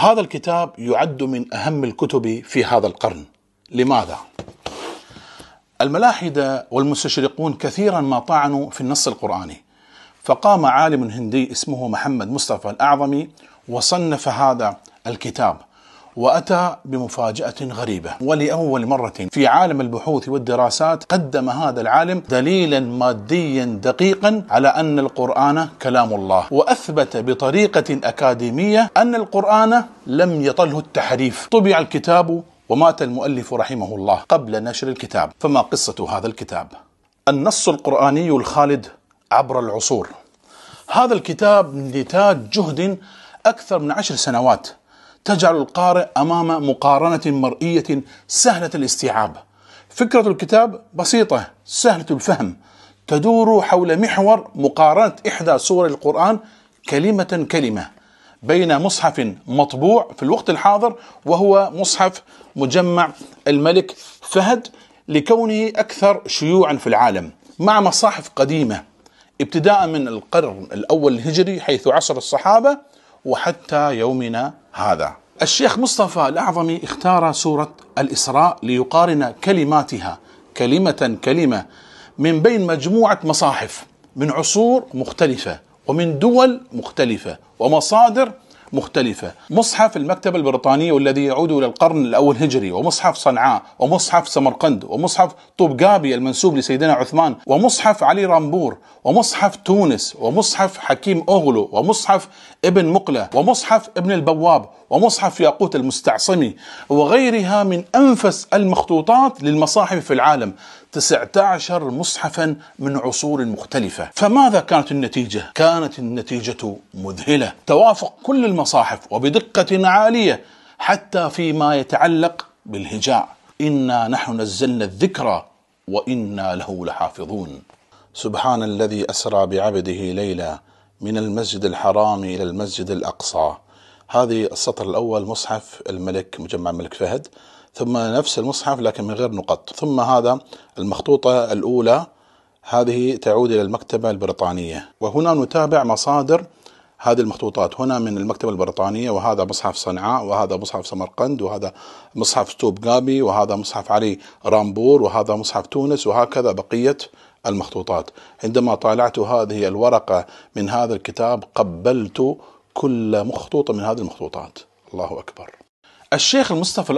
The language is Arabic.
هذا الكتاب يعد من اهم الكتب في هذا القرن لماذا الملاحده والمستشرقون كثيرا ما طعنوا في النص القراني فقام عالم هندي اسمه محمد مصطفى الاعظمي وصنف هذا الكتاب وأتى بمفاجأة غريبة ولأول مرة في عالم البحوث والدراسات قدم هذا العالم دليلا ماديا دقيقا على أن القرآن كلام الله وأثبت بطريقة أكاديمية أن القرآن لم يطله التحريف طبع الكتاب ومات المؤلف رحمه الله قبل نشر الكتاب فما قصة هذا الكتاب؟ النص القرآني الخالد عبر العصور هذا الكتاب نتاج جهد أكثر من عشر سنوات تجعل القارئ امام مقارنه مرئيه سهله الاستيعاب. فكره الكتاب بسيطه سهله الفهم تدور حول محور مقارنه احدى سور القران كلمه كلمه بين مصحف مطبوع في الوقت الحاضر وهو مصحف مجمع الملك فهد لكونه اكثر شيوعا في العالم مع مصاحف قديمه ابتداء من القرن الاول الهجري حيث عصر الصحابه وحتى يومنا هذا الشيخ مصطفى الأعظمي اختار سورة الإسراء ليقارن كلماتها كلمة كلمة من بين مجموعة مصاحف من عصور مختلفة ومن دول مختلفة ومصادر مختلفة مصحف المكتبة البريطانية والذي يعود إلى القرن الأول هجري ومصحف صنعاء ومصحف سمرقند ومصحف طبقابي المنسوب لسيدنا عثمان ومصحف علي رامبور ومصحف تونس ومصحف حكيم أغلو ومصحف ابن مقلة ومصحف ابن البواب ومصحف ياقوت المستعصمي وغيرها من أنفس المخطوطات للمصاحف في العالم 19 مصحفا من عصور مختلفة فماذا كانت النتيجة؟ كانت النتيجة مذهلة توافق كل المصاحف المصاحف وبدقة عالية حتى فيما يتعلق بالهجاء إنا نحن نزلنا الذكرى وإنا له لحافظون سبحان الذي أسرى بعبده ليلا من المسجد الحرام إلى المسجد الأقصى هذه السطر الأول مصحف الملك مجمع الملك فهد ثم نفس المصحف لكن من غير نقط ثم هذا المخطوطة الأولى هذه تعود إلى المكتبة البريطانية وهنا نتابع مصادر هذه المخطوطات هنا من المكتبة البريطانية وهذا مصحف صنعاء وهذا مصحف سمرقند وهذا مصحف توب جابي وهذا مصحف علي رامبور وهذا مصحف تونس وهكذا بقية المخطوطات عندما طالعت هذه الورقة من هذا الكتاب قبلت كل مخطوطة من هذه المخطوطات الله أكبر الشيخ المصطفى